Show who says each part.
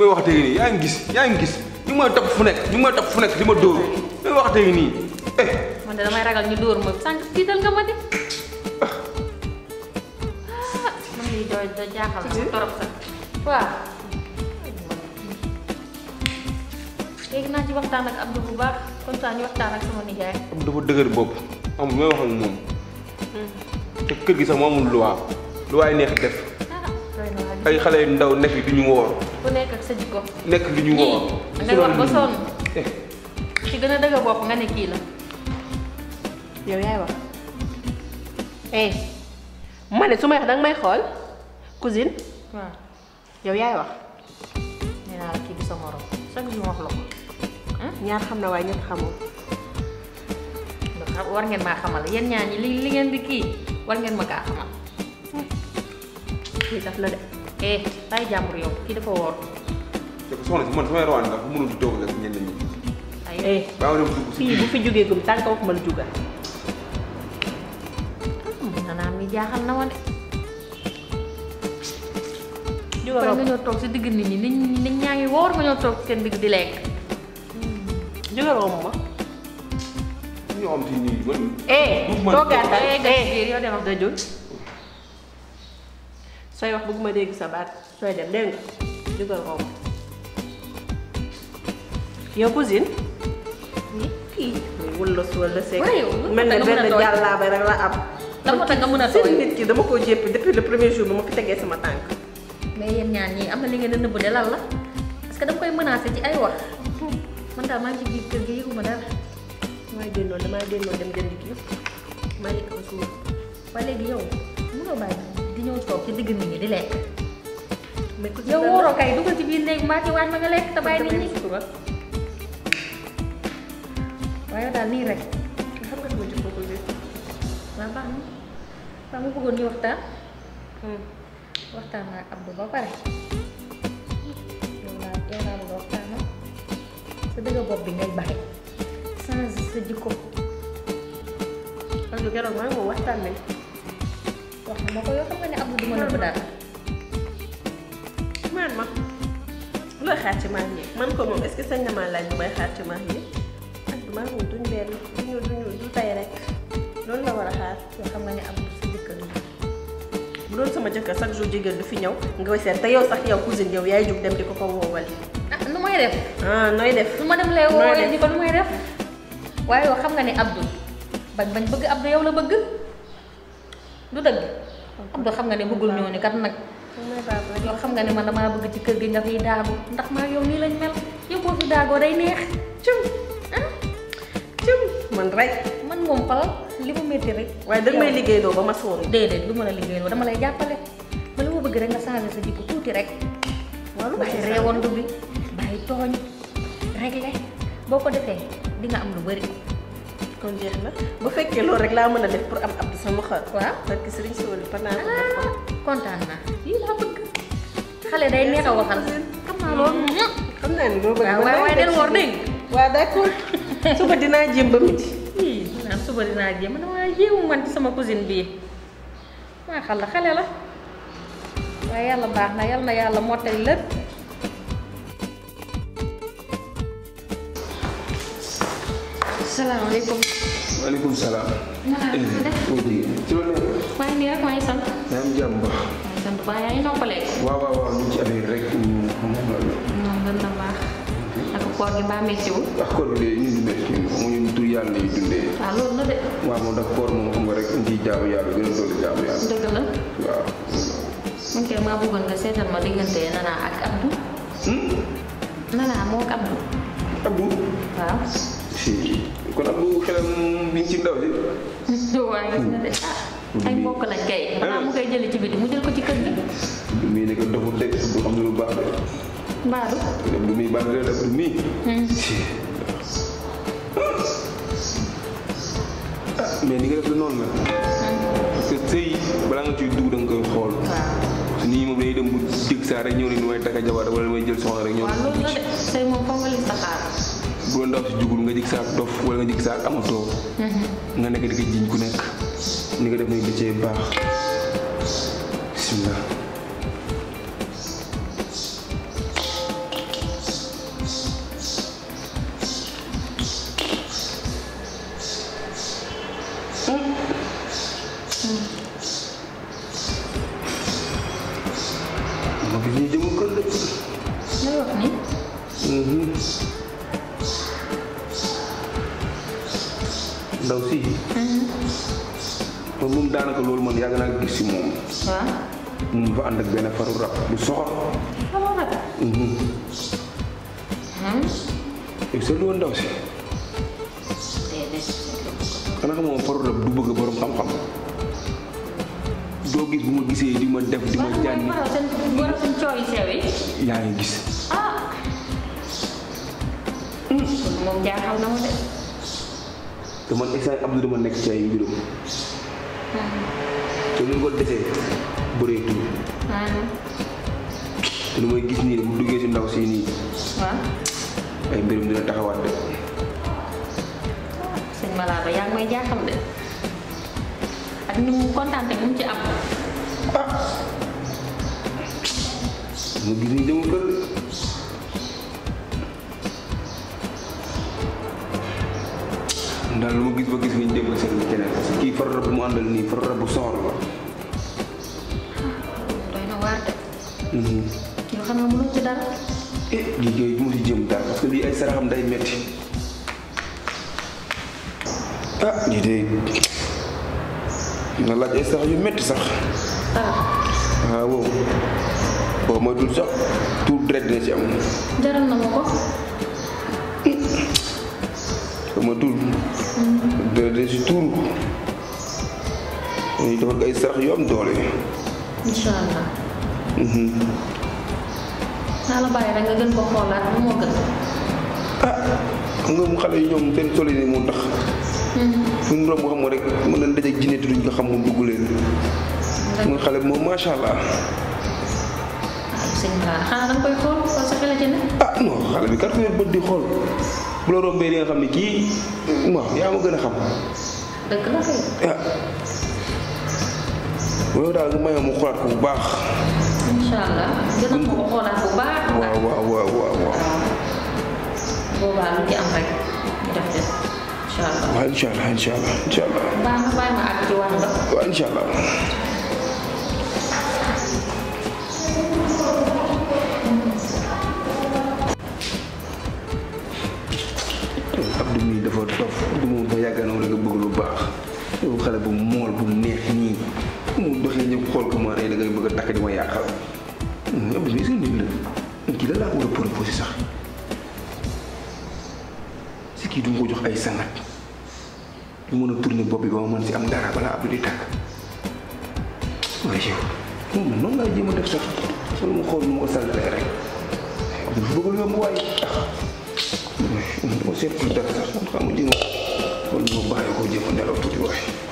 Speaker 1: may wax tey nii yaa ngi gis yaa ngi fu nekk ñu ngi may di ma dóor may nii eh. man de damay ragal ñu dóor ma sànq tiital nga ma ah, bu baax comme ça ñu waxtaan ak sama nijaay. Abdou dafa dëgër bopp amul may wax ak moom. Hmm. te kër gi sax mu amul luwaa luwaay neex def. Ah, ay xale yu ndaw nekk di ñu woor. ku nekk ak sa jikko. nekk li ñu woo. nga wax ba sonn. ci gën a dëgg bopp nga ne kii la. yow yaay wax. eh ma ne su may wax danga may xool cousine. yow yaay wax. nee naa la kii bi sa morom chaque jour la ko. Hmm? ñaar xam ne waaye ñett xamul. war ngeen maa xamal yéen ñaa ñi li li ngeen di kii war ngeen ma kaa xamal. lii hmm. daf la de. eh bàyyi jàmbur yow kii dafa woor. yow soxna si samay rawaan nga mënul di toog ak ñenn ñi. ay kii bu fi jógee gum tànk wax ma la na woon. jógal nga ñoo toog si digg nit ñi nit ñaa ngi woor nga ñoo toog seen digg di lekk. jógal woo ma. ñu am ci ñii man. eh toogaat ak eh yow demal dajul. sooy wax bëgguma dégg sa baat sooy dem dégg jugal xaw yow cousine. kii wala wala seeg. mel na benn jàllaaba rek la am. dama tax nga mën a tooy nit ki dama koo jéppi depuis le premier jour ba ma ko tegee sama tànk. mais yéen ñaan ñii am na li ngeen a nëbb de lan la parce que dama koy menacé ci ay wax. man daal maa ngi ci biir kër gi dem jëndi kii maa ngi ko suur. ba léegi yow mënoo bàyyi. ñëw toog ci digg nit ñi di lekk. yow wóoroo kay dugal ci biir néeg maa ci waaj ma nga lekk te bàyyi nit ñi. waaye daal nii rek nga xam nga dama ci proposé. waaw baax na waaw sa dëgg bopp ngay bàyyi. changé sa jikko. keroog maa ngi waxtaan nañ. wax ma ko yow xam nga ne Abdou du ma nëbb dara. ma looy xaar ci maax yi man ko moom est sañ na maa laaj bu may xaar ci maax yi ak maax yi duñ benn duñu duñu du tay rek loolu la war a xaar yoo xam nga ne Abdou sa jëkkër la. bu doon sama jëkkër chaque jour jigéen du fi ñëw nga koy te yow sax yow cousine yow yaay jug dem di ko ko woowal. ah nu may def. ah nooy def. nu ma dem lay woowee di ko nu may def. waaye yow xam nga ni Abdou bañ bañ bëgg la bëgg. du dëgg Abdou xam nga ne bëggul ñoo ni kat nag yow xam nga ne man damaa bëgg ci kër gi nga fiy daagu ndax maa yow nii lañ mel yow boo fi daagoo day neex cum ah cum man rek man moom pal li mu métti rek waaye da may liggéey doo ba ma sóor déedéet du ma la liggéey doo dama lay jàppale ma li ma bëgg rek nga changé sa jikko tuuti rek waaw bàyyi reewandu bi bàyyi tooñ rek boo ko defee di am lu bari kon jeex na bu fekkee loolu rek laa mën a def pour am abdu sama xol. waaw parce que Serigne Sow dafa naan. Ah, kontaan naa xale day neex a waxal. xam naa loolu. Mm-hmm. xam naa waaye del woor dégg waaw suba dinaa jéem ba midi. naan suba dinaa jéem man waaye jéemu man ci sama cousine bii maa la xale la waaye yàlla baax na yàlla na yàlla mottali lépp. salaamaaleykum. waaleykum salaam. Eh, maa rek maa ngi sant. yaa ngi jàmm baax. sant baax koor gi mbaa métti wul. koor gi de ñu ngi métti mu ñu tur yàlla yi dundee. waaw moom nag koor moom xam nga rek ñu ciy jaamu yàlla gën a dolli jaamu yàlla. dëgg la. maa bëggoon nga seetal ma diggante Nana ak Abdou. Hmm? Nana moo ak Abdou. waaw. kon am lu xelam mi ngi ci ndaw ji. waaw gis na de ah. ay lañ kay. xanaa mu koy jëlee ci biti mu jël ko ci kër gi. du muy nekk doxul de du am lu baax de. def li hmm. ah, nga def de noonu la. parce que sëy balaa nga ciy dugg da nga koy xool. nii moom dañuy dem bu dégg saa rek ñëw ne ni takk jabar wala may jël soxna rek ñëw. waaw loolu la de sëy moom foog nga li saxaar. bu doon daw si jugul nga jig saak dof wala nga jig saak amatoo mm-hmm. nga nekk di ko jiñ ku nekk ni nga def nañ dëccee baax bismillah ndaw si. Mm-hmm. moom daanaka loolu man yàgg naa gis si moom. waaw. fa ànd ak benn faru rab bu soxor. faru rab. léegi mm-hmm. mm-hmm. ndaw si. xanaa moom faru rab du bëgg borom xam-xam. doo gis bu ma gisee di ma def di ma jànni. yaa ngi gis. Ah. Mm, moom jaaxal na ma de. te man instant yii Abdou dama nekk ci ay mbirum. Hmm. te lu ko desee bëreetul. Hmm. te lu may gis nii bu duggee si ndaw si nii. waaw. ay mbirum dina taxawaat de. Ah, sëñ Malaaba yaa ngi jaaxal de ak ni mu kontaan te mu ci am. Ah. mu gis nii demul kër. fa gis ñu dégg seen keneen kii far la. Ah, mhm. eh, liggéey bi mu parce que lii ay saraxam day metti ah lii de na laaj ay sarax yu metti sax. ah, ah waaw. boo mooy dul sax tout dret dina ci am. jaral na ma ko. boo mooy dara de si tuuru ñu defal ko ay sarax yoom doole. incha allah. Mhm. naa la bàyyi rek nga gën ko xoolaat bu moo gën. ah xam nga xale yi ñoom seen tool yi moo tax. fu mu romb xam rek mën nañ dajeeg jinne te duñ xam moom dugg leen. mu xale bi moom macha allah. Ah, sëñ Ba xanaa koy xool xool sa xel a jënd. ah non xale bi kat ku bët di xool. bu la nga xam ne kii ma yaa ma gën a xam. dëgg la kay. waaw ah. daal mayoo mu xoolaat ko bu baax. incha allah gën a ko xoolaat bu baax. waaw waaw waaw waaw waaw. boobaa lu ci am rek def def incha allah. waaw incha ma àgg ci wàllu. waaw incha yow xale bu mool bu neex nii mu doxee ñëpp xool ko ma rey da bëgg a takk di ma yàqal yow bis kii du ma jox ay sangat du mën a tourner bopp bi ba ma mën si moom noonu laa jéem a def sax solo ma xool ma ko sàllee rek bëgg yomb waaye ah seet pour dara sax xam nga kon moo bàyyi ko jëm nelaw tuuti waay